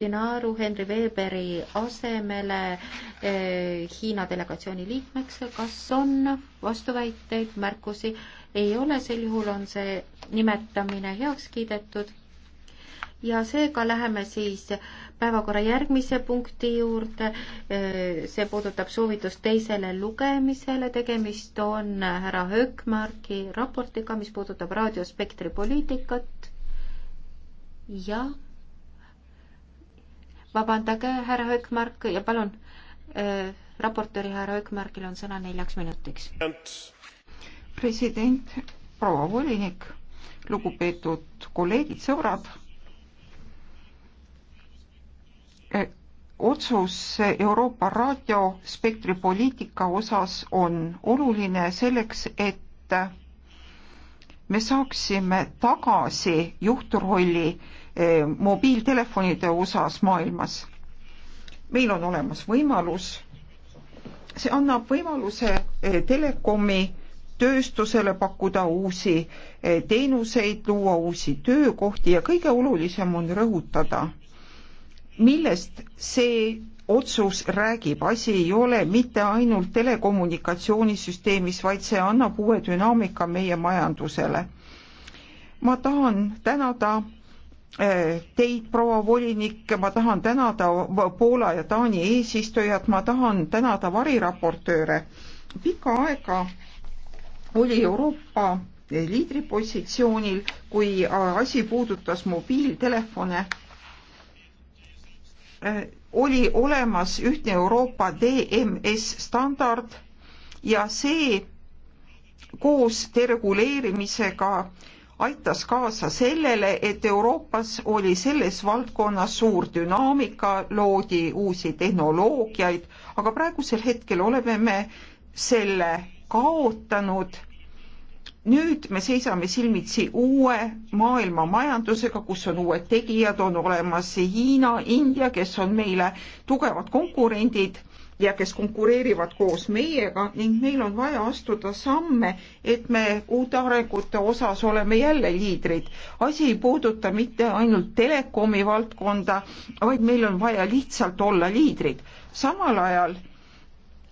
Dinaru Henry Weberi asemele eh, Hiina delegatsiooni liikmeks. kas on vastuväiteid, märkusi? ei ole, sel juhul on see nimetamine heaks kiidetud. ja seega läheme siis päevakorra järgmise punkti juurde eh,. see puudutab soovitust teisele lugemisele. tegemist on härra Höökmarki raportiga, mis puudutab raadiospektri poliitikat. jah vabandage, härra Höökmark ja palun äh,, raportööri härra Höökmargil on sõna neljaks minutiks. president, proua volinik, lugupeetud kolleegid, sõbrad. Äh, otsus Euroopa raadiospektri poliitika osas on oluline selleks, et me saaksime tagasi juhtrolli Eh, mobiiltelefonide osas maailmas. meil on olemas võimalus, see annab võimaluse eh, telekomi tööstusele pakkuda uusi eh, teenuseid, luua uusi töökohti ja kõige olulisem on rõhutada, millest see otsus räägib, asi ei ole mitte ainult telekommunikatsioonisüsteemis, vaid see annab uue dünaamika meie majandusele. ma tahan tänada teid, proua volinik, ma tahan tänada Poola ja Taani eesistujat, ma tahan tänada variraportööre. pikka aega oli Euroopa liidripositsioonil, kui asi puudutas mobiiltelefone oli olemas ühtne Euroopa DMS standard ja see koos dereguleerimisega aitas kaasa sellele, et Euroopas oli selles valdkonnas suur dünaamika, loodi uusi tehnoloogiaid, aga praegusel hetkel oleme me selle kaotanud. nüüd me seisame silmitsi uue maailma majandusega, kus on uued tegijad, on olemas Hiina, India, kes on meile tugevad konkurendid ja kes konkureerivad koos meiega ning meil on vaja astuda samme, et me uute arengute osas oleme jälle liidrid. asi ei puuduta mitte ainult telekomi valdkonda, vaid meil on vaja lihtsalt olla liidrid. samal ajal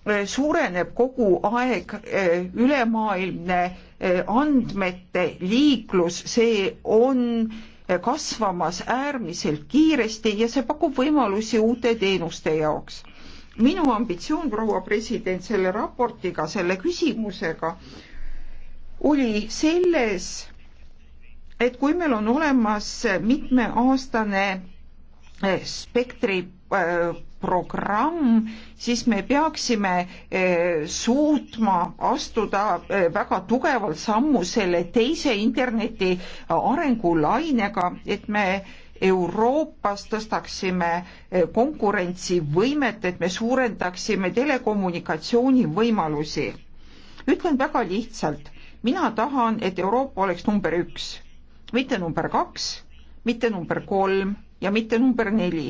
eh, suureneb kogu aeg eh, ülemaailmne eh, andmete liiklus, see on kasvamas äärmiselt kiiresti ja see pakub võimalusi uute teenuste jaoks minu ambitsioon, proua president, selle raportiga, selle küsimusega oli selles, et kui meil on olemas mitmeaastane eh, spektri eh, programm, siis me peaksime eh, suutma astuda väga tugevalt sammu selle teise interneti arengulainega, et me Euroopas tõstaksime eh, konkurentsivõimet, et me suurendaksime telekommunikatsiooni võimalusi. ütlen väga lihtsalt, mina tahan, et Euroopa oleks number üks, mitte number kaks, mitte number kolm ja mitte number neli.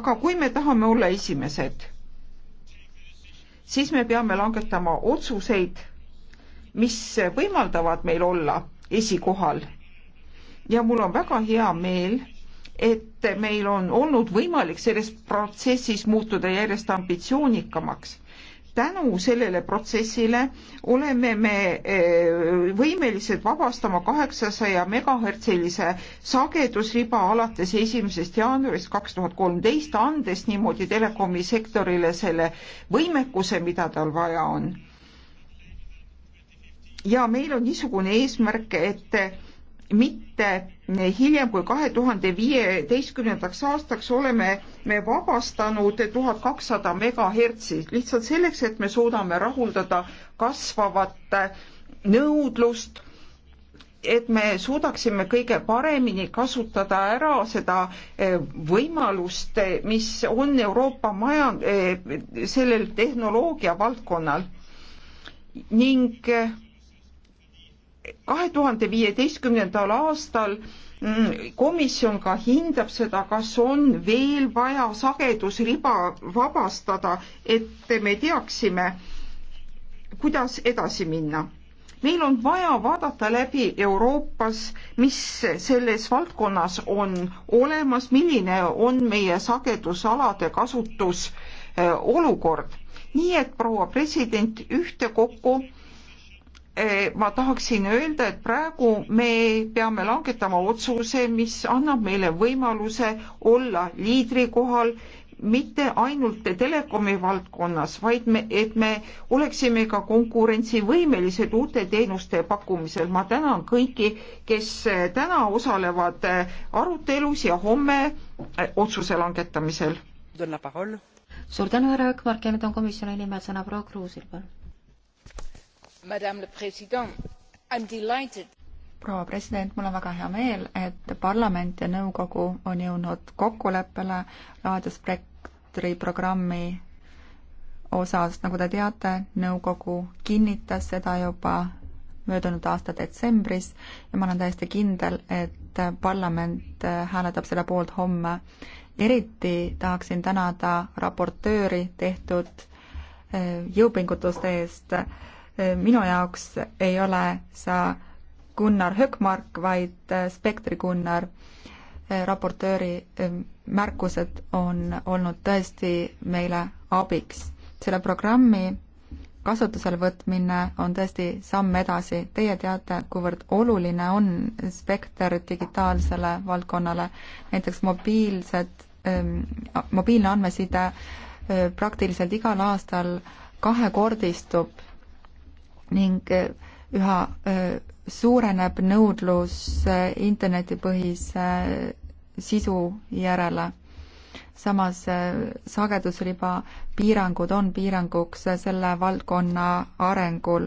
aga kui me tahame olla esimesed, siis me peame langetama otsuseid, mis võimaldavad meil olla esikohal ja mul on väga hea meel, et meil on olnud võimalik selles protsessis muutuda järjest ambitsioonikamaks. tänu sellele protsessile oleme me eh, võimelised vabastama kaheksasaja megahertsilise sagedusriba alates esimesest jaanuarist kaks tuhat kolmteist, andes niimoodi telekomi sektorile selle võimekuse, mida tal vaja on. ja meil on niisugune eesmärk, et mitte hiljem kui kahe tuhande viieteistkümnendaks aastaks oleme me vabastanud tuhat kakssada megahertsi lihtsalt selleks, et me suudame rahuldada kasvavat nõudlust et me suudaksime kõige paremini kasutada ära seda eh, võimalust, eh, mis on Euroopa majand-, eh, sellel tehnoloogia valdkonnal ning kahe tuhande viieteistkümnendal aastal mm, komisjon ka hindab seda, kas on veel vaja sagedusriba vabastada, et me teaksime, kuidas edasi minna. meil on vaja vaadata läbi Euroopas, mis selles valdkonnas on olemas, milline on meie sagedusalade kasutus äh, olukord. nii et proua president, ühtekokku Eh, ma tahaksin öelda, et praegu me peame langetama otsuse, mis annab meile võimaluse olla liidrikohal mitte ainult telekomi valdkonnas, vaid me, et me oleksime ka konkurentsivõimelised uute teenuste pakkumisel. ma tänan kõiki, kes täna osalevad eh, arutelus ja homme eh, otsuse langetamisel. suur tänu, härra Ökmark ja nüüd on komisjoni nimel sõna proua Kruusil, palun proua president, mul on väga hea meel, et parlament ja nõukogu on jõudnud kokkuleppele raadiospektri programmi osas, nagu te teate, nõukogu kinnitas seda juba möödunud aasta detsembris ja ma olen täiesti kindel, et parlament hääletab selle poolt homme. eriti tahaksin tänada raportööri tehtud eh, jõupingutuste eest minu jaoks ei ole sa Gunnar Hökmark, vaid äh, Spektri Gunnar. Äh, raportööri ähm, märkused on olnud tõesti meile abiks. selle programmi kasutusele võtmine on tõesti samm edasi. Teie teate, kuivõrd oluline on spekter digitaalsele valdkonnale, näiteks mobiilsed, ähm, mobiilne andmeside äh, praktiliselt igal aastal kahekordistub ning äh, üha äh, suureneb nõudlus äh, internetipõhise sisu järele. samas sagedusriba piirangud on piiranguks selle valdkonna arengul.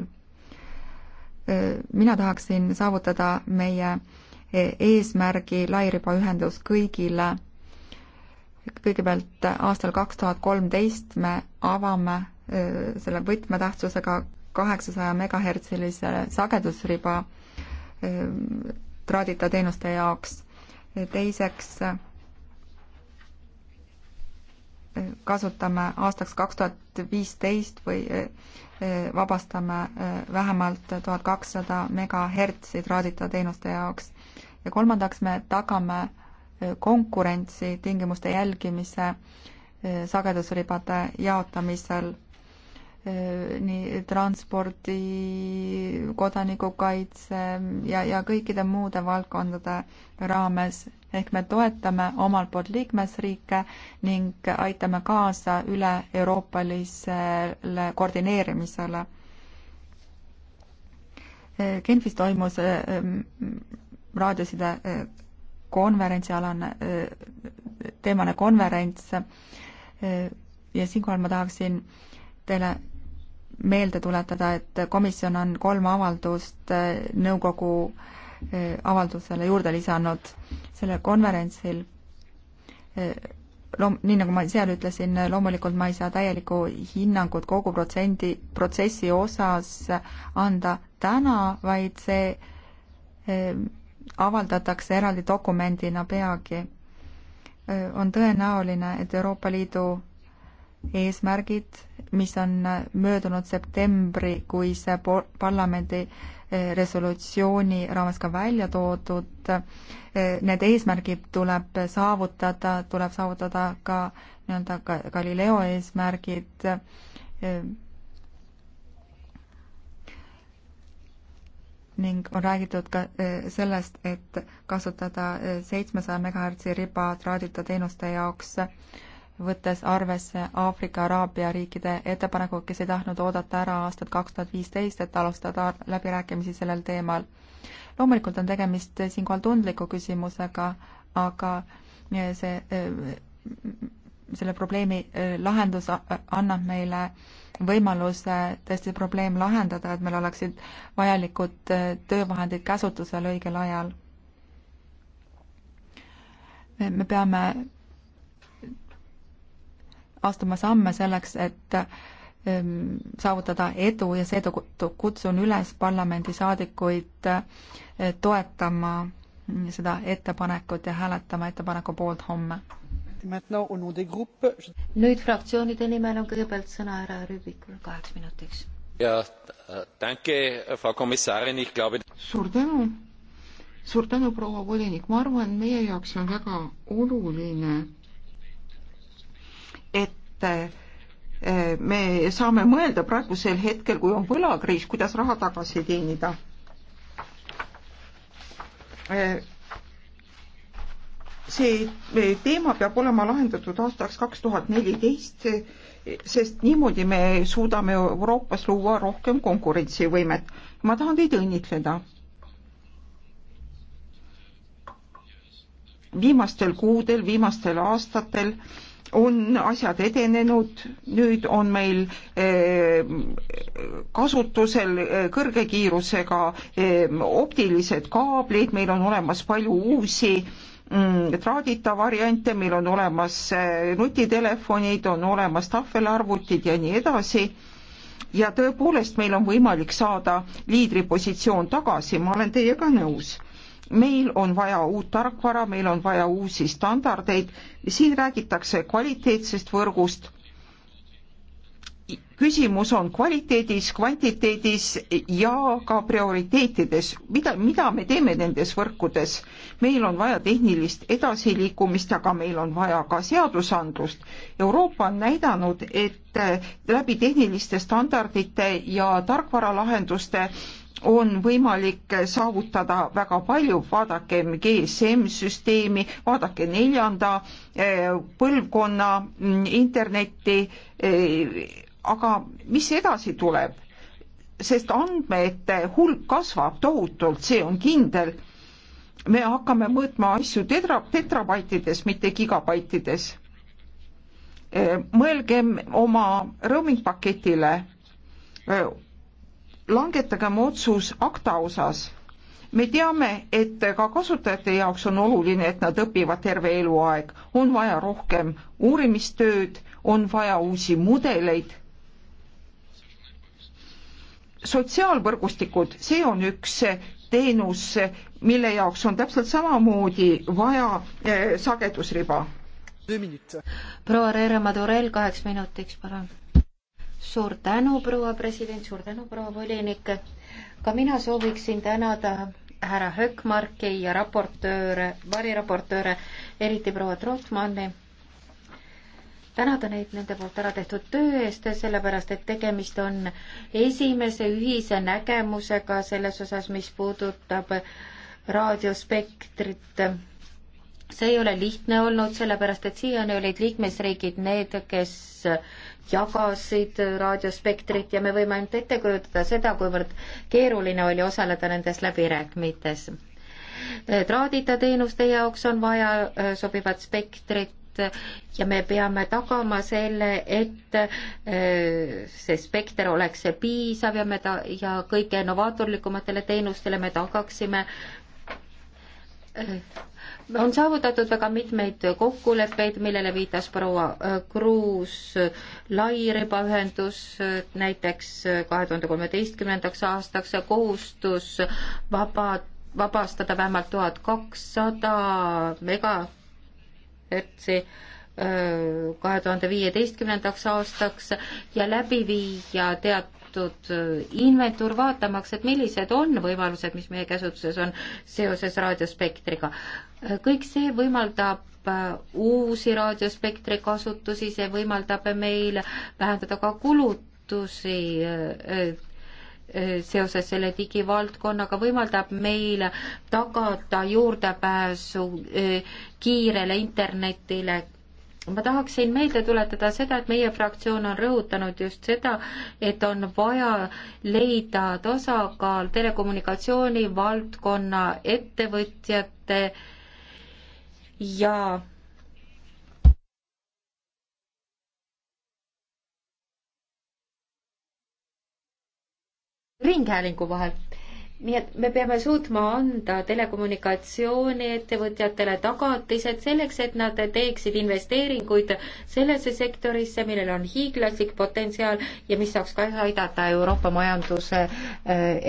mina tahaksin saavutada meie eesmärgi lairibaühendus kõigile. kõigepealt aastal kaks tuhat kolmteist me avame selle võtmetähtsusega kaheksasaja megahertsilise sagedusriba ehm, traadita teenuste jaoks. teiseks ehm, kasutame aastaks kaks tuhat viisteist või e, e, vabastame e, vähemalt tuhat kakssada megahertsi traadita teenuste jaoks. ja kolmandaks me tagame konkurentsi tingimuste jälgimise sagedusribade jaotamisel Äh, nii transpordi, kodanikukaitse ja, ja kõikide muude valdkondade raames. ehk me toetame omalt poolt liikmesriike ning aitame kaasa üle-euroopalisele koordineerimisele. Äh, Genfis toimus äh, raadioside konverentsialane, teemane konverents ja siinkohal ma tahaksin teile meelde tuletada, et komisjon on kolm avaldust äh, nõukogu äh, avaldusele juurde lisanud sellel konverentsil. Äh, Loom-, nii nagu ma seal ütlesin, loomulikult ma ei saa täielikku hinnangut kogu protsendi, protsessi osas anda täna, vaid see avaldatakse eraldi dokumendina peagi. on tõenäoline, et Euroopa Liidu eesmärgid, mis on möödunud septembrikuise parlamendi eh, resolutsiooni raames ka välja toodud. Eh, need eesmärgid tuleb saavutada, tuleb saavutada ka nii-öelda Galileo eesmärgid. Eh, ning on räägitud ka sellest, et kasutada seitsmesaja megahertsi riba traadita teenuste jaoks äh, võttes arvesse Aafrika Araabia riikide ettepaneku, kes ei tahtnud oodata ära aastat kaks tuhat viisteist, et alustada läbirääkimisi sellel teemal. loomulikult on tegemist siinkohal tundliku küsimusega, aga eh, see, eh, selle probleemi eh, lahendus annab meile võimaluse tõesti probleem lahendada, et meil oleksid vajalikud töövahendid käsutusel õigel ajal. me peame astuma samme selleks, et ähm, saavutada edu ja seetõttu kutsun üles parlamendisaadikuid äh, toetama mm, seda ettepanekut ja hääletama ettepaneku poolt homme. nüüd fraktsioonide nimel on kõigepealt sõna härra Rüübikul kaheks minutiks. Äh, äh, suur tänu suur tänu, proua volinik, ma arvan, meie jaoks on väga oluline et eh, me saame mõelda praegusel hetkel, kui on võlakriis, kuidas raha tagasi teenida. Eh, see eh, teema peab olema lahendatud aastaks kaks tuhat neliteist, sest niimoodi me suudame Euroopas luua rohkem konkurentsivõimet. ma tahan teid õnnitleda viimastel kuudel, viimastel aastatel on asjad edenenud, nüüd on meil eh, kasutusel eh, kõrge kiirusega eh, optilised kaablid, meil on olemas palju uusi mm, traadita variante, meil on olemas nutitelefonid, on olemas tahvelarvutid ja nii edasi ja tõepoolest meil on võimalik saada liidripositsioon tagasi, ma olen teiega nõus meil on vaja uut tarkvara, meil on vaja uusi standardeid, siin räägitakse kvaliteetsest võrgust. küsimus on kvaliteedis, kvantiteedis ja ka prioriteetides, mida, mida me teeme nendes võrkudes. meil on vaja tehnilist edasiliikumist, aga meil on vaja ka seadusandlust. Euroopa on näidanud, et läbi tehniliste standardite ja tarkvaralahenduste äh, on võimalik saavutada väga palju, vaadakem GSM-süsteemi, vaadake neljanda eh, põlvkonna mm, internetti, eh, aga mis edasi tuleb? sest andmete hulk kasvab tohutult, see on kindel. me hakkame mõõtma asju tetra, tetrabaitides, mitte gigabaitides. Eh, mõelgem oma roaming paketile langetagem otsus akta osas. me teame, et ka kasutajate jaoks on oluline, et nad õpivad terve eluaeg, on vaja rohkem uurimistööd, on vaja uusi mudeleid. sotsiaalvõrgustikud, see on üks teenus, mille jaoks on täpselt samamoodi vaja eh, sagedusriba. proua Reere Madurell kaheks minutiks, palun suur tänu, proua president, suur tänu, proua volinik. ka mina sooviksin tänada härra Höckmarki ja raportööre, variraportööre, eriti proua Trotmanni tänada neid nende poolt ära tehtud töö eest, sellepärast et tegemist on esimese ühise nägemusega selles osas, mis puudutab raadiospektrit see ei ole lihtne olnud, sellepärast et siiani olid liikmesriigid need, kes jagasid raadiospektrit ja me võime ainult ette kujutada seda, kuivõrd keeruline oli osaleda nendes läbirääkimites. traadita teenuste jaoks on vaja äh, sobivat spektrit ja me peame tagama selle, et äh, see spekter oleks piisav ja me ta- ja kõige novaatorlikumatele teenustele me tagaksime äh, on saavutatud väga mitmeid kokkuleppeid, millele viitas proua äh, Kruus, lairibaühendus äh, näiteks äh, kahe tuhande kolmeteistkümnendaks aastaks kohustus vaba, vabastada vähemalt tuhat kakssada megahertsi kahe tuhande viieteistkümnendaks aastaks ja läbi viia teat-, teatud äh, inventuur vaatamaks, et millised on võimalused, mis meie käsutuses on seoses raadiospektriga. Äh, kõik see võimaldab äh, uusi raadiospektri kasutusi, see võimaldab meil vähendada ka kulutusi seoses selle digivaldkonnaga võimaldab meil tagada juurdepääsu kiirele internetile ma tahaksin meelde tuletada seda, et meie fraktsioon on rõhutanud just seda, et on vaja leida tasakaal telekommunikatsiooni valdkonna ettevõtjate ja ringhäälingu vahel nii et me peame suutma anda telekommunikatsiooniettevõtjatele tagatised selleks, et nad teeksid investeeringuid sellesse sektorisse, millel on hiiglaslik potentsiaal ja mis saaks ka aidata Euroopa majanduse äh,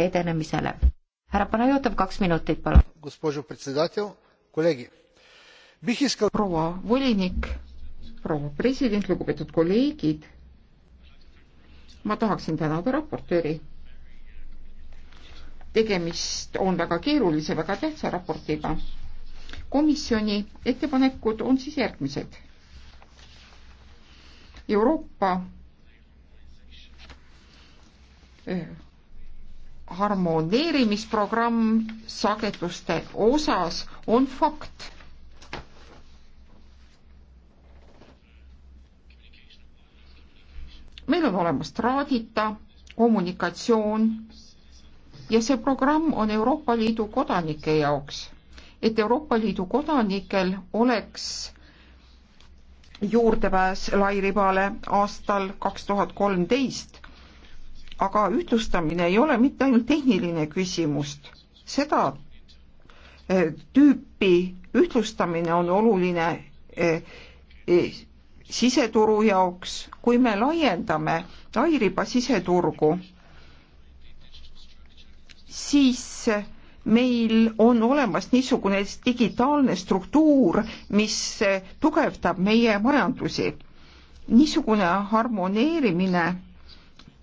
edenemisele. härra Panajotov, kaks minutit, palun. proua volinik, proua president, lugupeetud kolleegid, ma tahaksin tänada raportööri tegemist on väga keerulise, väga tähtsa raportiga. komisjoni ettepanekud on siis järgmised. Euroopa harmoneerimisprogramm sageduste osas on fakt. meil on olemas traadita kommunikatsioon ja see programm on Euroopa Liidu kodanike jaoks, et Euroopa Liidu kodanikel oleks juurdepääs lairibale aastal kaks tuhat kolmteist. aga ühtlustamine ei ole mitte ainult tehniline küsimus, seda e, tüüpi ühtlustamine on oluline e, e, siseturu jaoks, kui me laiendame lairiba siseturgu siis meil on olemas niisugune digitaalne struktuur, mis tugevdab meie majandusi. niisugune harmoneerimine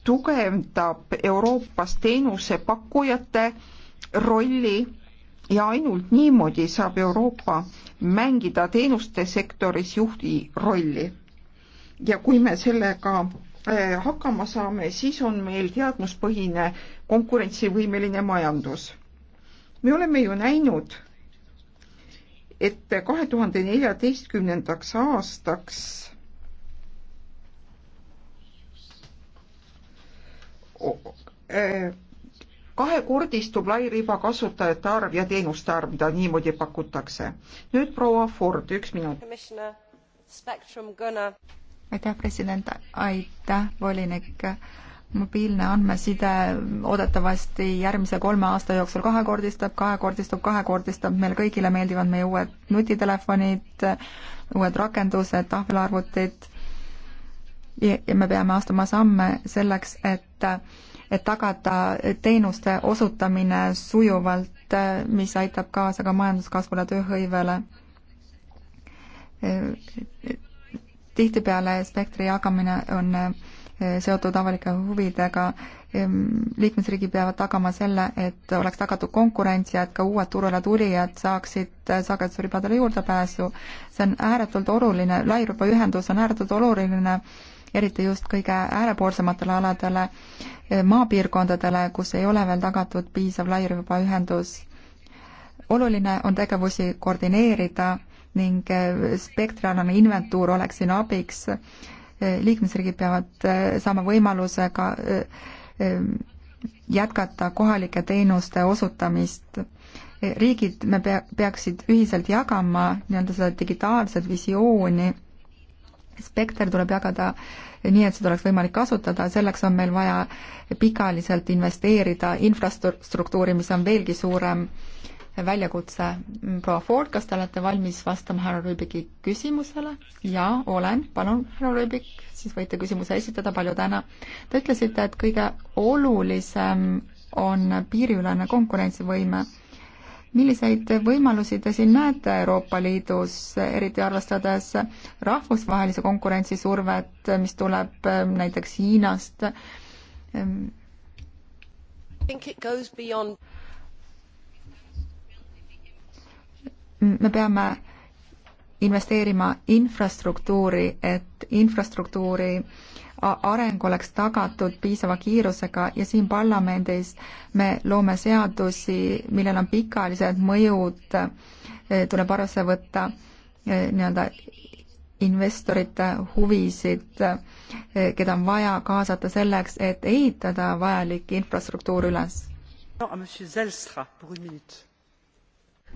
tugevdab Euroopas teenusepakkujate rolli ja ainult niimoodi saab Euroopa mängida teenuste sektoris juhti rolli. ja kui me sellega Äh, hakkama saame, siis on meil teadmuspõhine konkurentsivõimeline majandus. me oleme ju näinud, et kahe tuhande neljateistkümnendaks aastaks äh, kahekordistub lairiba kasutajate arv ja teenuste arv, mida niimoodi pakutakse. nüüd proua Ford, üks minut aitäh, president, aitäh, volinik. mobiilne andmeside oodatavasti järgmise kolme aasta jooksul kahekordistab, kahekordistub, kahekordistab, meil kõigile meeldivad meie uued nutitelefonid, uued rakendused, tahvelarvutid ja, ja me peame astuma samme selleks, et et tagada teenuste osutamine sujuvalt, mis aitab kaasa ka majanduskasvule, tööhõivele tihtipeale spektri jagamine on eh, seotud avalike huvidega. Ehm, liikmesriigid peavad tagama selle, et oleks tagatud konkurents ja et ka uued turule tulijad saaksid eh, sagedusribadele juurdepääsu. see on ääretult oluline, lairibaühendus on ääretult oluline eriti just kõige äärepoolsematele aladele, eh, maapiirkondadele, kus ei ole veel tagatud piisav lairibaühendus. oluline on tegevusi koordineerida ning eh, spektraalane inventuur oleks siin abiks. Eh, liikmesriigid peavad eh, saama võimaluse ka jätkata kohalike teenuste osutamist. riigid, me pea, peaksid ühiselt jagama nii-öelda seda digitaalset visiooni, spekter tuleb jagada nii, et seda oleks võimalik kasutada, selleks on meil vaja pikaajaliselt investeerida infrastruktuuri, mis on veelgi suurem äh, väljakutse. proua Ford, kas te olete valmis vastama härra Rüübiki küsimusele? jaa, olen. palun, härra Rüübik, siis võite küsimuse esitada, palju täna. Te ütlesite, et kõige olulisem on piiriülene konkurentsivõime. milliseid võimalusi te siin näete Euroopa Liidus, eriti arvestades rahvusvahelise konkurentsi survet, mis tuleb äh, näiteks Hiinast? me peame investeerima infrastruktuuri, et infrastruktuuri areng oleks tagatud piisava kiirusega ja siin parlamendis me loome seadusi, millel on pikaajalised mõjud, e, tuleb arvesse võtta e, nii-öelda investorite huvisid, e, keda on vaja kaasata selleks, et ehitada vajalik infrastruktuur üles.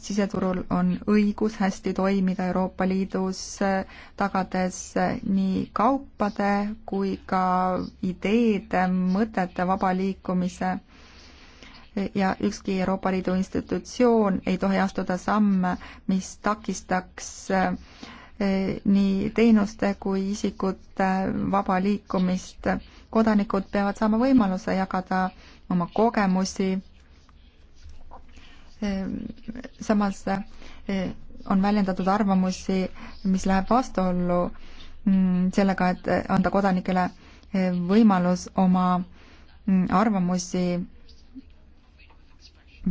siseturul on õigus hästi toimida Euroopa Liidus, tagades nii kaupade kui ka ideede, mõtete vaba liikumise ja ükski Euroopa Liidu institutsioon ei tohi astuda samme, mis takistaks eh, nii teenuste kui isikute vaba liikumist. kodanikud peavad saama võimaluse jagada oma kogemusi Ehm, samas eh, on väljendatud arvamusi, mis läheb vastuollu mm, sellega, et anda kodanikele eh, võimalus oma mm, arvamusi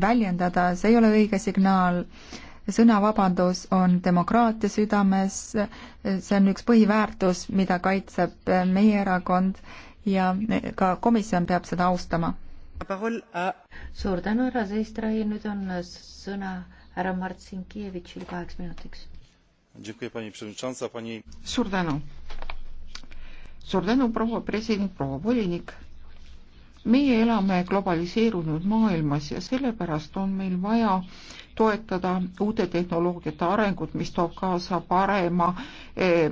väljendada, see ei ole õige signaal. sõnavabadus on demokraatia südames, see on üks põhiväärtus, mida kaitseb meie erakond ja ka komisjon peab seda austama suur tänu, härra Seistrai, nüüd on sõna härra Martin Kievitšil kaheks minutiks. suur tänu. suur tänu, proua president, proua volinik. meie elame globaliseerunud maailmas ja sellepärast on meil vaja toetada uute tehnoloogiate arengut, mis toob kaasa parema eh,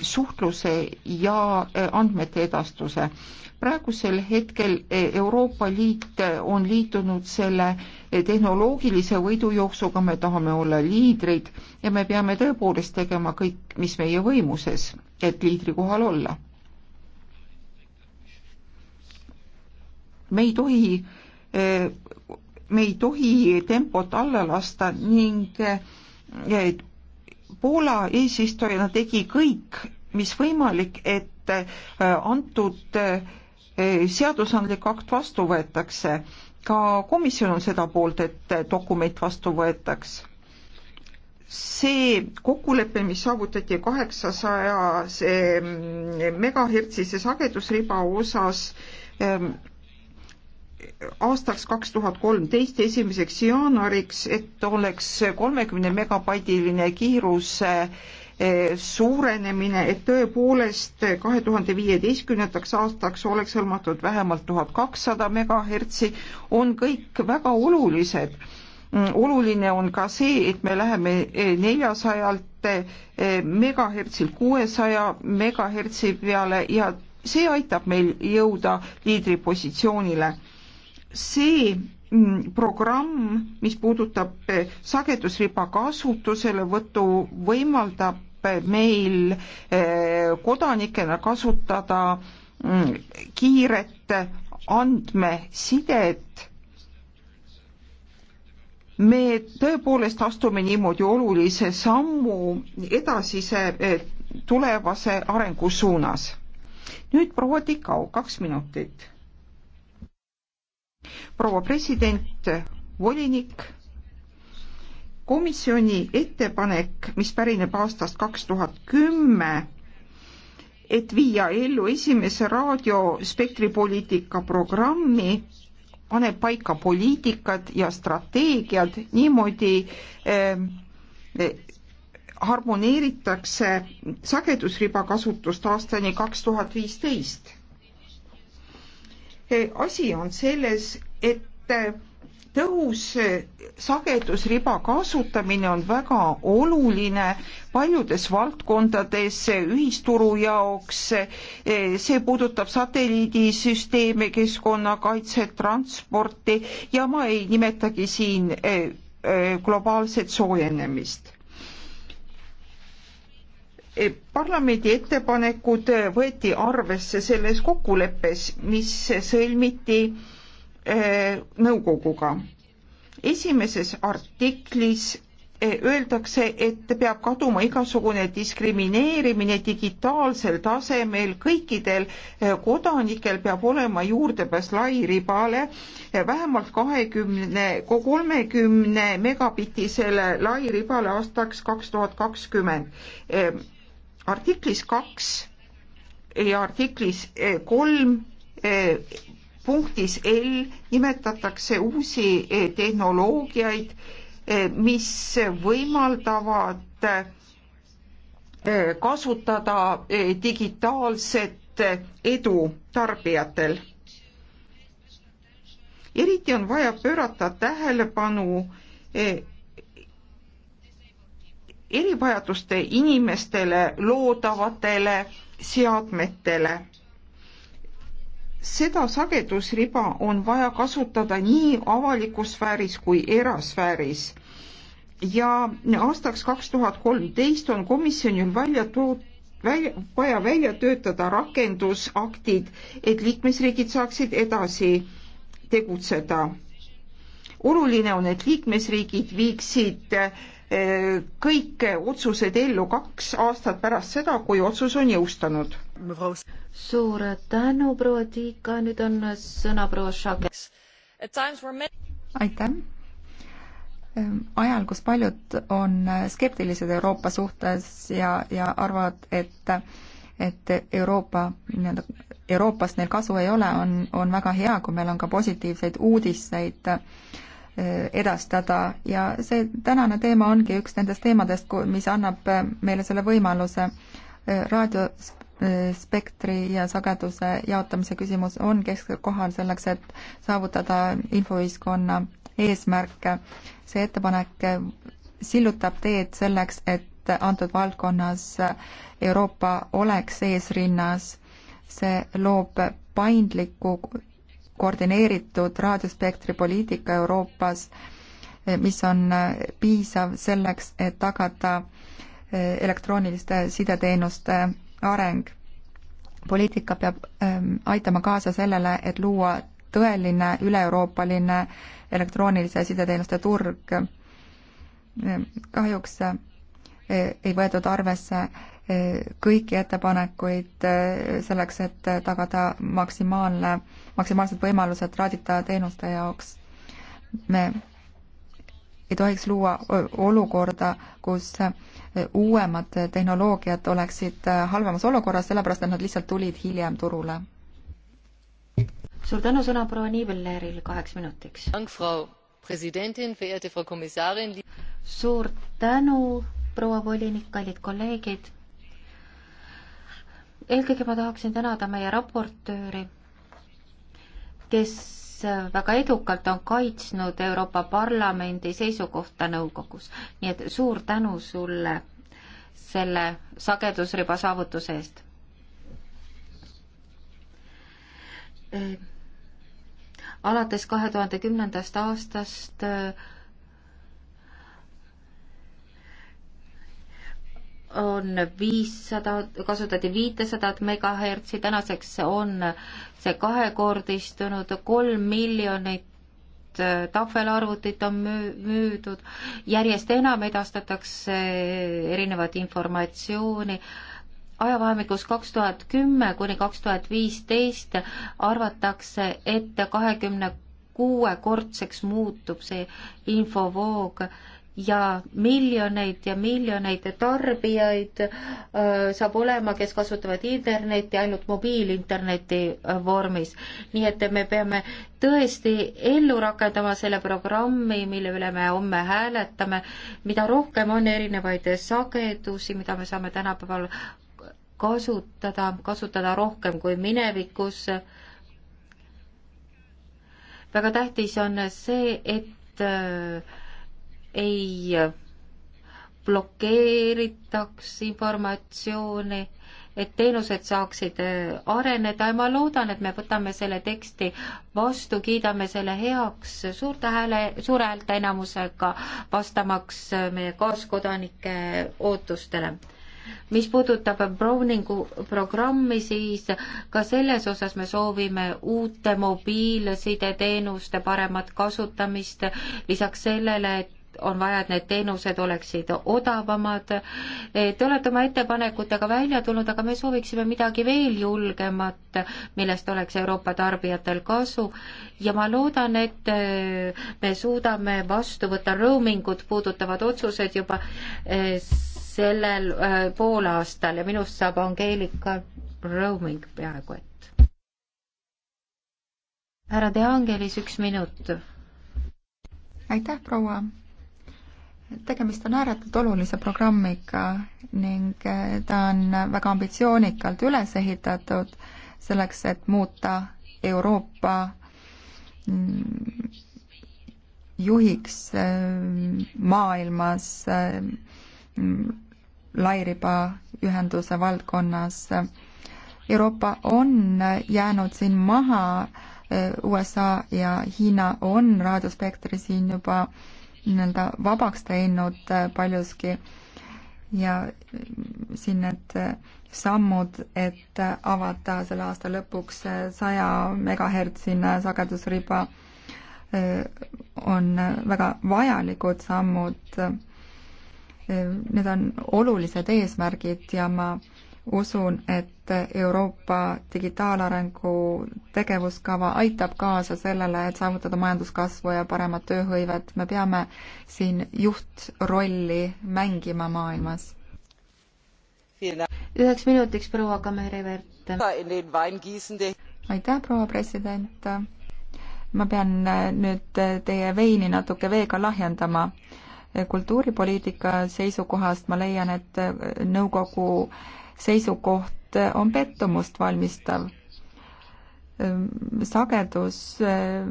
suhtluse ja eh, andmete edastuse. praegusel hetkel eh, Euroopa Liit on liitunud selle tehnoloogilise võidujooksuga, me tahame olla liidrid ja me peame tõepoolest tegema kõik, mis meie võimuses, et liidri kohal olla. me ei tohi me ei tohi tempot alla lasta ning eh, Poola eesistujana tegi kõik, mis võimalik, et eh, antud eh, seadusandlik akt vastu võetakse. ka komisjon on seda poolt, et dokument vastu võetaks see kokkulepe, mis saavutati kaheksasajas mm, megahertsise sagedusriba osas, aastaks kaks tuhat kolmteist esimeseks jaanuariks, et oleks kolmekümne megabaitiline kiiruse eh, suurenemine, et tõepoolest kahe tuhande viieteistkümnendaks aastaks oleks hõlmatud vähemalt tuhat kakssada megahertsi, on kõik väga olulised. Mm, oluline on ka see, et me läheme eh, neljasajalt eh, megahertsilt kuuesaja megahertsi peale ja see aitab meil jõuda liidripositsioonile see mm, programm, mis puudutab eh, sagedusriba kasutuselevõttu, võimaldab eh, meil eh, kodanikena kasutada mm, kiiret andmesidet. me tõepoolest astume niimoodi olulise sammu edasise tulevase arengu suunas. nüüd proua Tikau, kaks minutit proua president, volinik, komisjoni ettepanek, mis pärineb aastast kaks tuhat kümme, et viia ellu esimese raadiospektri poliitika programmi, paneb paika poliitikad ja strateegiad, niimoodi eh, eh, harmoneeritakse sagedusriba kasutust aastani kaks tuhat viisteist asi on selles, et tõhus sagedusriba kasutamine on väga oluline paljudes valdkondades ühisturu jaoks. see puudutab satelliidisüsteeme, keskkonnakaitset, transporti ja ma ei nimetagi siin eh, eh, globaalset soojenemist. Eh, parlamendi ettepanekud eh, võeti arvesse selles kokkuleppes, mis sõlmiti eh, nõukoguga. esimeses artiklis öeldakse, et peab kaduma igasugune diskrimineerimine digitaalsel tasemel, kõikidel kodanikel peab olema juurdepääs lairibale, vähemalt kahekümne, kolmekümne megabitisele lairibale aastaks kaks tuhat kakskümmend artiklis kaks ja artiklis eh, kolm eh, punktis L nimetatakse uusi eh, tehnoloogiaid, mis võimaldavad kasutada digitaalset edu tarbijatel. eriti on vaja pöörata tähelepanu erivajaduste inimestele loodavatele seadmetele. seda sagedusriba on vaja kasutada nii avalikus sfääris kui erasfääris. ja aastaks kaks tuhat kolmteist on komisjonil välja toodud välja, vaja välja töötada rakendusaktid, et liikmesriigid saaksid edasi tegutseda. oluline on, et liikmesriigid viiksid kõik otsused ellu kaks aastat pärast seda, kui otsus on jõustanud. suur tänu, proua Tiika, nüüd on sõna proua Šakeks. aitäh ehm, ajal, kus paljud on äh, skeptilised Euroopa suhtes ja, ja arvavad, et et Euroopa, nii-öelda Euroopast neil kasu ei ole, on, on väga hea, kui meil on ka positiivseid uudiseid äh, Äh, edastada ja see tänane teema ongi üks nendest teemadest, mis annab äh, meile selle võimaluse. Äh, raadiospektri ja sageduse jaotamise küsimus on kesksel kohal selleks, et saavutada infoühiskonna eesmärke. see ettepanek sillutab teed selleks, et antud valdkonnas Euroopa oleks eesrinnas. see loob paindliku koordineeritud raadiospektri poliitika Euroopas, mis on piisav selleks, et tagada elektrooniliste sideteenuste areng. poliitika peab ähm, aitama kaasa sellele, et luua tõeline üle-euroopaline elektroonilise sideteenuste turg. Ähm, kahjuks äh, ei võetud arvesse äh, kõiki ettepanekuid äh, selleks, et tagada maksimaalne maksimaalsed võimalused traadita teenuste jaoks. me ei tohiks luua olukorda, kus uuemad tehnoloogiad oleksid halvemas olukorras, sellepärast et nad lihtsalt tulid hiljem turule. suur tänu sõna proua Niibelleril kaheks minutiks. suur tänu, proua volinik, kallid kolleegid. eelkõige ma tahaksin tänada meie raportööri kes väga edukalt on kaitsnud Euroopa Parlamendi seisukohta nõukogus. nii et suur tänu sulle selle sagedusriba saavutuse eest. alates kahe tuhande kümnendast aastast on viissada, kasutati viitesadat megahertsi, tänaseks on see kahekordistunud, kolm miljonit äh, tahvelarvutit on müü-, müüdud, järjest enam edastatakse erinevat informatsiooni, ajavahemikus kaks tuhat kümme kuni kaks tuhat viisteist arvatakse, et kahekümne kuuekordseks muutub see infovoog ja miljoneid ja miljoneid tarbijaid äh, saab olema, kes kasutavad internetti ainult mobiilinterneti äh, vormis. nii et me peame tõesti ellu rakendama selle programmi, mille üle me homme hääletame, mida rohkem on erinevaid sagedusi, mida me saame tänapäeval kasutada, kasutada rohkem kui minevikus. väga tähtis on see, et äh, ei blokeeritaks informatsiooni, et teenused saaksid äh, areneda ja ma loodan, et me võtame selle teksti vastu, kiidame selle heaks suurte hääle, suure häälteenamusega, vastamaks äh, meie kaaskodanike ootustele mis puudutab Browningu programmi, siis ka selles osas me soovime uute mobiilsideteenuste paremat kasutamist, lisaks sellele, et on vaja, et need teenused oleksid odavamad. Te olete oma ettepanekutega välja tulnud, aga me sooviksime midagi veel julgemat, millest oleks Euroopa tarbijatel kasu ja ma loodan, et äh, me suudame vastu võtta roaming ut puudutavad otsused juba äh, sellel äh, poolaastal ja minust saab Angeelika roaming peaaegu et. härra De Angelis, üks minut. aitäh, proua tegemist on ääretult olulise programmiga ning eh, ta on väga ambitsioonikalt üles ehitatud selleks, et muuta Euroopa mm, juhiks eh, maailmas eh, lairibaühenduse valdkonnas. Euroopa on jäänud siin maha, USA ja Hiina on raadiospektri siin juba äh, nii-öelda vabaks teinud äh, paljuski ja mm, siin need äh, sammud, et äh, avada selle aasta lõpuks saja megahertsine sagedusriba on väga vajalikud sammud. Need on olulised eesmärgid ja ma usun, et Euroopa digitaalarengu tegevuskava aitab kaasa sellele, et saavutada majanduskasvu ja paremat tööhõivet. me peame siin juhtrolli mängima maailmas. üheks minutiks proua Kameri-Vert. aitäh, proua president. ma pean nüüd teie veini natuke veega lahjendama kultuuripoliitika seisukohast ma leian, et nõukogu seisukoht on pettumust valmistav. sagedus eh,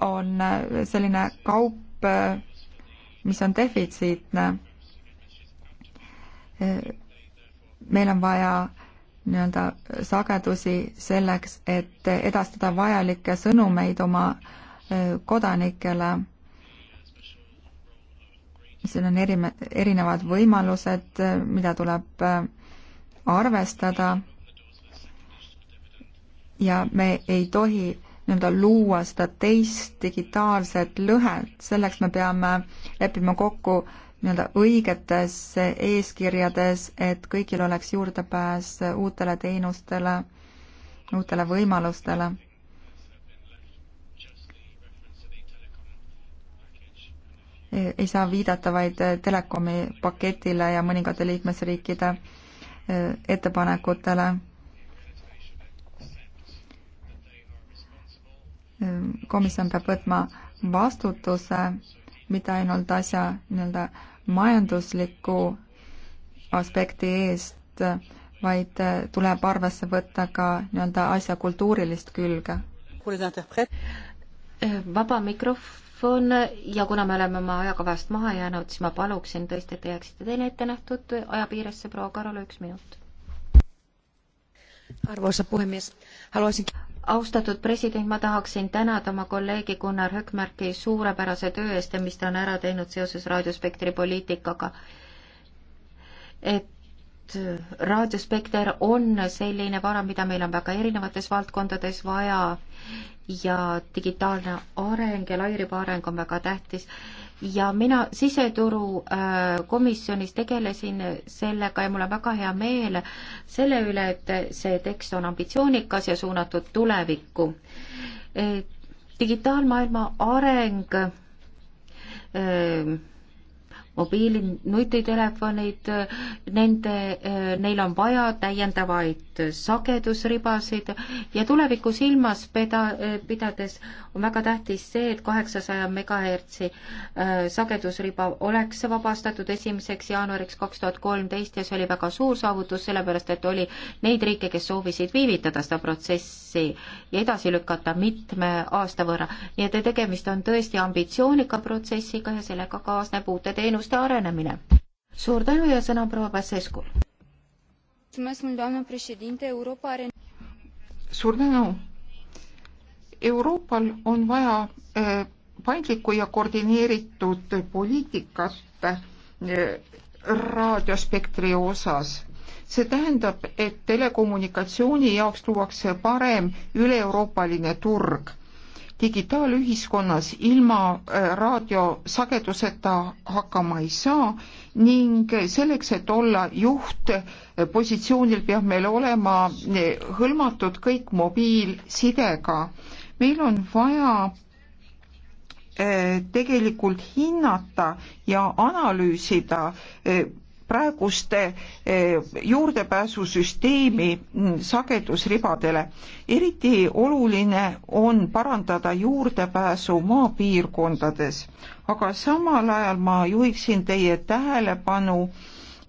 on eh, selline kaup, eh, mis on defitsiitne. meil on vaja nii-öelda sagedusi selleks, et edastada vajalikke sõnumeid oma kodanikele. siin on eri, erinevad võimalused, mida tuleb arvestada ja me ei tohi nii-öelda luua seda teist digitaalset lõhet, selleks me peame leppima kokku nii-öelda õigetes eeskirjades, et kõigil oleks juurdepääs uutele teenustele, uutele võimalustele. ei saa viidata vaid telekomi paketile ja mõningate liikmesriikide ettepanekutele. komisjon peab võtma vastutuse mitte ainult asja nii-öelda majandusliku aspekti eest, vaid tuleb arvesse võtta ka nii-öelda asja kultuurilist külge. vaba mikrofon mikrofon ja kuna me oleme oma ajakavast maha jäänud, siis ma paluksin tõesti, et te jääksite teile ette nähtud aja piiresse, proua Karola, üks minut. arvoisa puhemees, haluaisin austatud president, ma tahaksin tänada oma kolleegi Gunnar Hökmärki suurepärase töö eest ja mis ta on ära teinud seoses raadiospektri poliitikaga. et Äh, raadiospekter on selline vara, mida meil on väga erinevates valdkondades vaja ja digitaalne areng ja lairiba areng on väga tähtis. ja mina siseturu äh, komisjonis tegelesin sellega ja mul on väga hea meel selle üle, et see tekst on ambitsioonikas ja suunatud tulevikku. Äh, digitaalmaailma areng öö, mobiili-, nutitelefonid, nende, neil on vaja täiendavaid sagedusribasid ja tulevikku silmas peda-, pidades on väga tähtis see, et kaheksasaja megahertsi äh, sagedusriba oleks vabastatud esimeseks jaanuariks kaks tuhat kolmteist ja see oli väga suur saavutus, sellepärast et oli neid riike, kes soovisid viivitada seda protsessi ja edasi lükata mitme aasta võrra. nii et tegemist on tõesti ambitsioonika protsessiga ja sellega kaasneb uute teenuste teenuste arenemine. suur tänu ja sõna proua Pasescul. suur tänu. Euroopal on vaja eh, paindlikku ja koordineeritud poliitikat eh, raadiospektri osas. see tähendab, et telekommunikatsiooni jaoks luuakse parem üle-euroopaline turg digitaalühiskonnas ilma äh, raadiosageduseta hakkama ei saa ning selleks, et olla juhtpositsioonil, äh, peab meil olema äh, hõlmatud kõik mobiilsidega. meil on vaja tegelikult hinnata ja analüüsida praeguste eh, juurdepääsusüsteemi mm, sagedusribadele. eriti oluline on parandada juurdepääsu maapiirkondades, aga samal ajal ma juhiksin teie tähelepanu äh,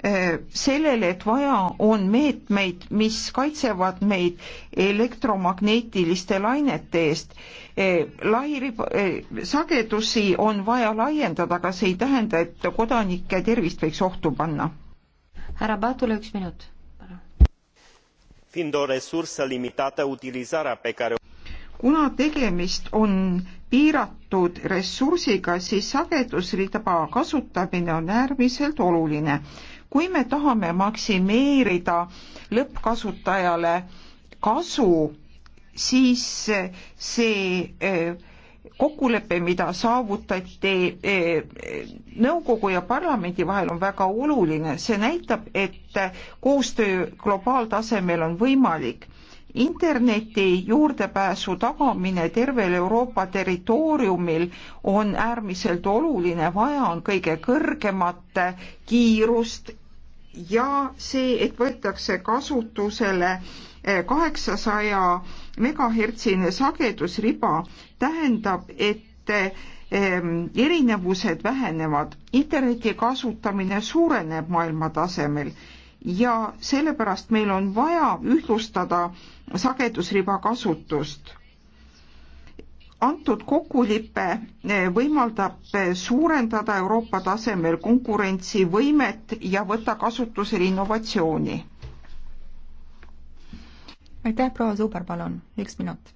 Äh, sellele, et vaja on meetmeid, mis kaitsevad meid elektromagnetiliste lainete eest. Äh, lairib, äh, sagedusi on vaja laiendada, aga see ei tähenda, et kodanike tervist võiks ohtu panna. härra Patule üks minut. fiind o resursă limitată utilizarea pe care kuna tegemist on piiratud ressursiga, siis sagedusrida kasutamine on äärmiselt oluline kui me tahame maksimeerida lõppkasutajale kasu, siis see eh, kokkulepe, mida saavutati eh, nõukogu ja parlamendi vahel, on väga oluline. see näitab, et koostöö globaaltasemel on võimalik. interneti juurdepääsu tagamine tervel Euroopa territooriumil on äärmiselt oluline, vaja on kõige kõrgemat kiirust ja see, et võetakse kasutusele eh, kaheksasaja megahertsine sagedusriba, tähendab, et ehm, erinevused vähenevad, interneti kasutamine suureneb maailma tasemel ja sellepärast meil on vaja ühtlustada sagedusriba kasutust antud kokkulipe eh, võimaldab eh, suurendada Euroopa tasemel konkurentsivõimet ja võtta kasutusele innovatsiooni. aitäh, proua Suuber, palun, üks minut.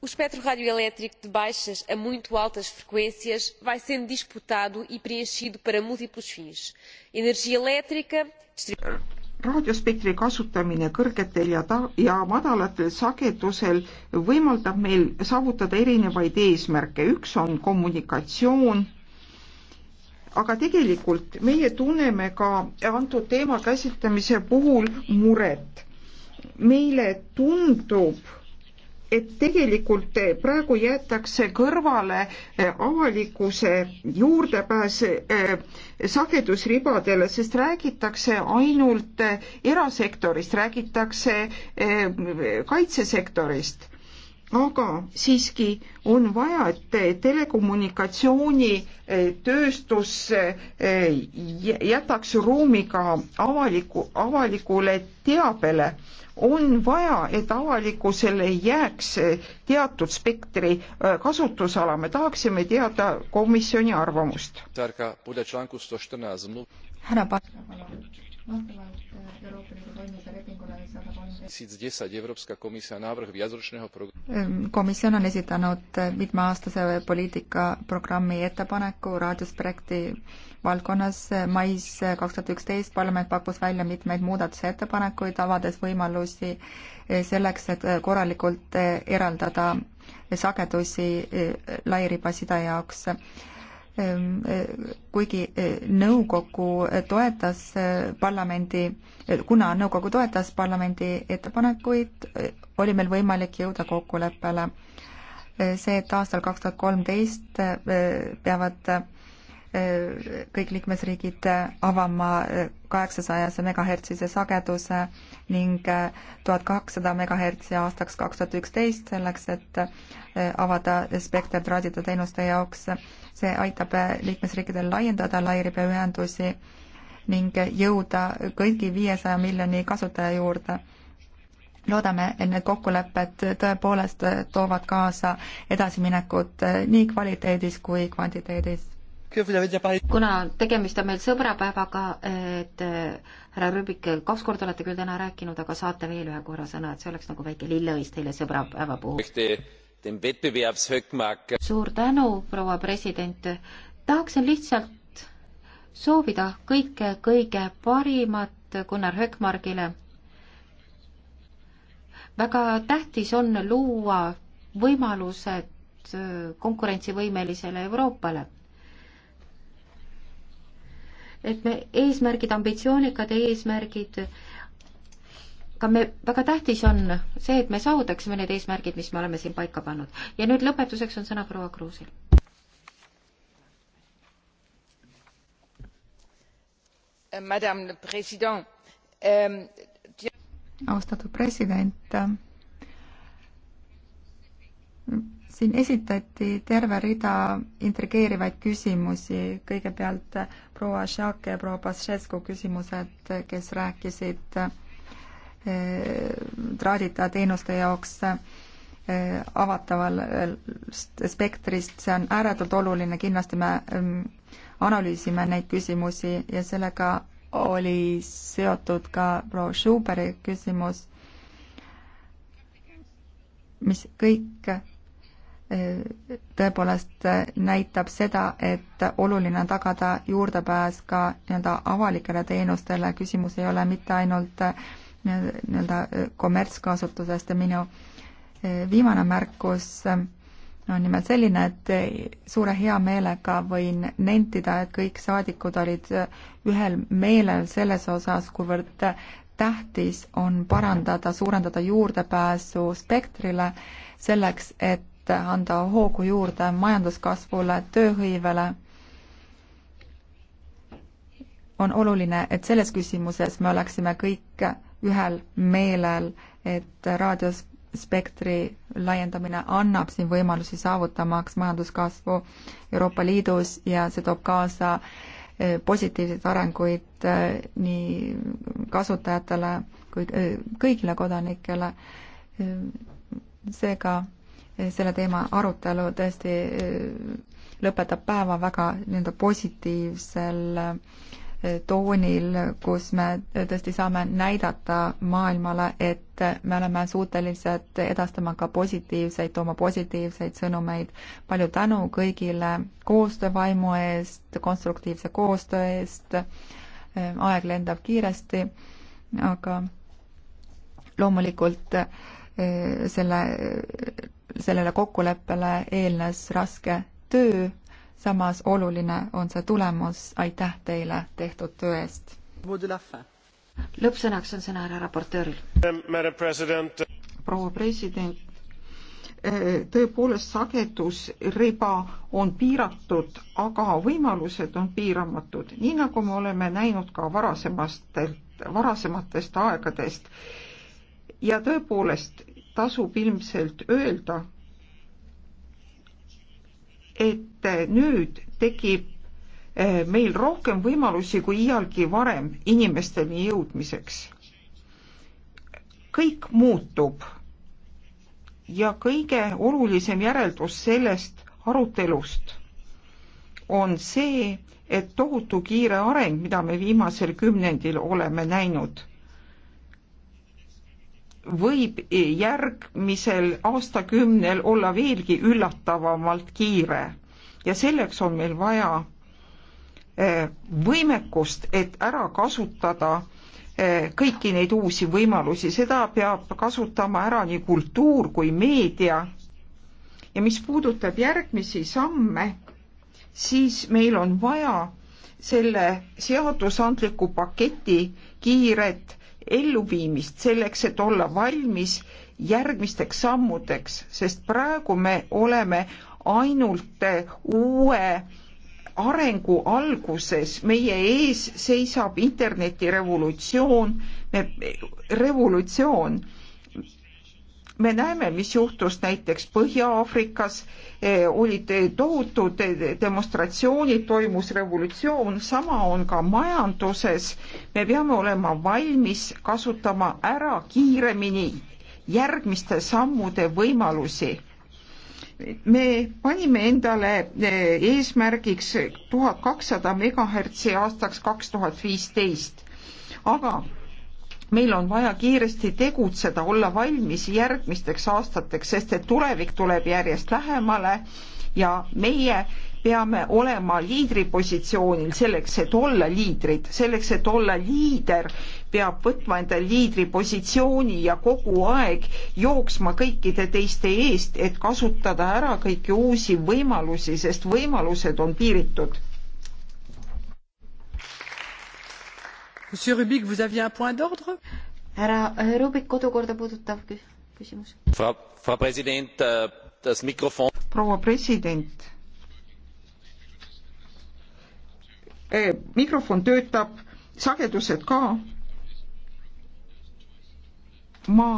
O espectro radioelétrico de baixas a muito altas frequências vai sendo disputado e preenchido para múltiplos fins: energia elétrica, distribuição raadiospektri kasutamine kõrgetel ja, ta- ja madalatel sagedusel võimaldab meil saavutada erinevaid eesmärke, üks on kommunikatsioon, aga tegelikult meie tunneme ka antud teema käsitlemise puhul muret. meile tundub, et tegelikult praegu jäetakse kõrvale eh, avalikkuse juurdepääs eh, sagedusribadele, sest räägitakse ainult eh, erasektorist, räägitakse kaitsesektorist. aga siiski on vaja, et telekommunikatsioonitööstus jätaks ruumi ka avaliku, avalikule teabele on vaja, et avalikkusele jääks teatud spektri äh, kasutusala, me tahaksime teada komisjoni arvamust. härra Paška, palun. Euroopa komisjon on esitanud eh, mitmeaastase poliitikaprogrammi ettepaneku raadiospektri valdkonnas. Eh, mais eh, kaks tuhat üksteist parlament pakkus välja mitmeid muudatusettepanekuid, avades võimalusi selleks, et korralikult eraldada sagedusi lairibaside jaoks Ehm, eh, kuigi eh, nõukogu eh, toetas parlamendi, kuna nõukogu toetas parlamendi ettepanekuid, oli meil võimalik jõuda kokkuleppele. see, et aastal kaks tuhat kolmteist peavad kõik liikmesriigid avama kaheksasajase megahertsise sageduse ning tuhat kakssada megahertsi aastaks kaks tuhat üksteist, selleks et eh, avada spekter traadita teenuste jaoks. see aitab liikmesriikidel laiendada lairibeühendusi ning jõuda kõigi viiesaja miljoni kasutaja juurde loodame, et need kokkulepped tõepoolest toovad kaasa edasiminekut eh, nii kvaliteedis kui kvantiteedis kuna tegemist on meil sõbrapäevaga, et äh, härra Rüübik, kaks korda olete küll täna rääkinud, aga saate veel ühe korra sõna, et see oleks nagu väike lilleõis teile sõbrapäeva puhul. suur tänu, proua president. tahaksin lihtsalt soovida kõike kõige parimat Gunnar Hökmargile. väga tähtis on luua võimalused äh, konkurentsivõimelisele Euroopale et me eesmärgid, ambitsioonikad eesmärgid, ka me, väga tähtis on see, et me saavutaksime need eesmärgid, mis me oleme siin paika pannud. ja nüüd lõpetuseks on sõna proua Kruusil. Euh, austatud president ähm,, siin esitati terve rida intrigeerivaid küsimusi, kõigepealt proua Šake ja proua Pašescu küsimused, kes rääkisid eh, traadita teenuste jaoks eh, avatavast spektrist, see on ääretult oluline, kindlasti me ehm, analüüsime neid küsimusi ja sellega oli seotud ka proua Schuberi küsimus, mis kõik tõepoolest näitab seda, et oluline on tagada juurdepääs ka nii-öelda avalikele teenustele, küsimus ei ole mitte ainult nii-öelda kommertskasutusest ja minu e, viimane märkus on nimelt selline, et suure heameelega võin nentida, et kõik saadikud olid ühel meelel selles osas, kuivõrd tähtis on parandada, suurendada juurdepääsu spektrile selleks, et et anda hoogu juurde majanduskasvule, tööhõivele. on oluline, et selles küsimuses me oleksime kõik ühel meelel, et raadiospektri laiendamine annab siin võimalusi saavutamaks majanduskasvu Euroopa Liidus ja see toob kaasa eh, positiivseid arenguid eh, nii kasutajatele kui eh, kõigile kodanikele. seega selle teema arutelu tõesti äh, lõpetab päeva väga nii-öelda positiivsel äh, toonil, kus me tõesti saame näidata maailmale, et me oleme suutelised edastama ka positiivseid, tooma positiivseid sõnumeid. palju tänu kõigile koostöövaimu eest, konstruktiivse koostöö eest, äh, aeg lendab kiiresti, aga loomulikult selle sellele kokkuleppele eelnes raske töö, samas oluline on see tulemus, aitäh teile tehtud töö eest! lõppsõnaks on sõna härra raportööril. proua president, eh, tõepoolest sagedusriba on piiratud, aga võimalused on piiramatud, nii nagu me oleme näinud ka varasemastelt, varasematest aegadest. ja tõepoolest tasub ilmselt öelda, et nüüd tekib eh, meil rohkem võimalusi kui iialgi varem inimesteni jõudmiseks. kõik muutub ja kõige olulisem järeldus sellest arutelust on see, et tohutu kiire areng, mida me viimasel kümnendil oleme näinud võib järgmisel aastakümnel olla veelgi üllatavamalt kiire ja selleks on meil vaja eh, võimekust, et ära kasutada eh, kõiki neid uusi võimalusi, seda peab kasutama ära nii kultuur kui meedia. ja mis puudutab järgmisi samme, siis meil on vaja selle seadusandliku paketi kiiret elluviimist selleks, et olla valmis järgmisteks sammudeks, sest praegu me oleme ainult eh, uue arengu alguses, meie ees seisab internetirevolutsioon, revolutsioon me näeme, mis juhtus näiteks Põhja-Aafrikas, eh, olid eh, tohutud eh, demonstratsioonid, toimus revolutsioon, sama on ka majanduses. me peame olema valmis kasutama ära kiiremini järgmiste sammude võimalusi. me panime endale eesmärgiks tuhat kakssada megahertsi aastaks kaks tuhat viisteist, aga meil on vaja kiiresti tegutseda, olla valmis järgmisteks aastateks, sest et tulevik tuleb järjest lähemale ja meie peame olema liidripositsioonil selleks, et olla liidrid, selleks, et olla liider, peab võtma endale liidripositsiooni ja kogu aeg jooksma kõikide teiste eest, et kasutada ära kõiki uusi võimalusi, sest võimalused on piiritud Monsieur Rubik, vous aviez un point d'ordre? härra äh, Rubik, kodukorda puudutav küsimus. Äh, proua president. Äh, mikrofon töötab, sagedused ka. ma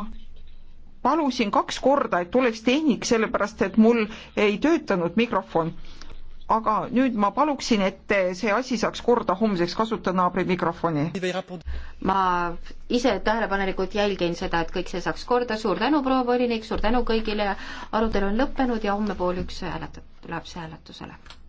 palusin kaks korda, et tuleks tehnik, sellepärast et mul ei töötanud mikrofon aga nüüd ma paluksin, et see asi saaks korda homseks, kasuta naabri mikrofoni. ma ise tähelepanelikult jälgin seda, et kõik see saaks korda, suur tänu, proua volinik, suur tänu kõigile, arutelu on lõppenud ja homme pool üks hääletab, läheb see hääletusele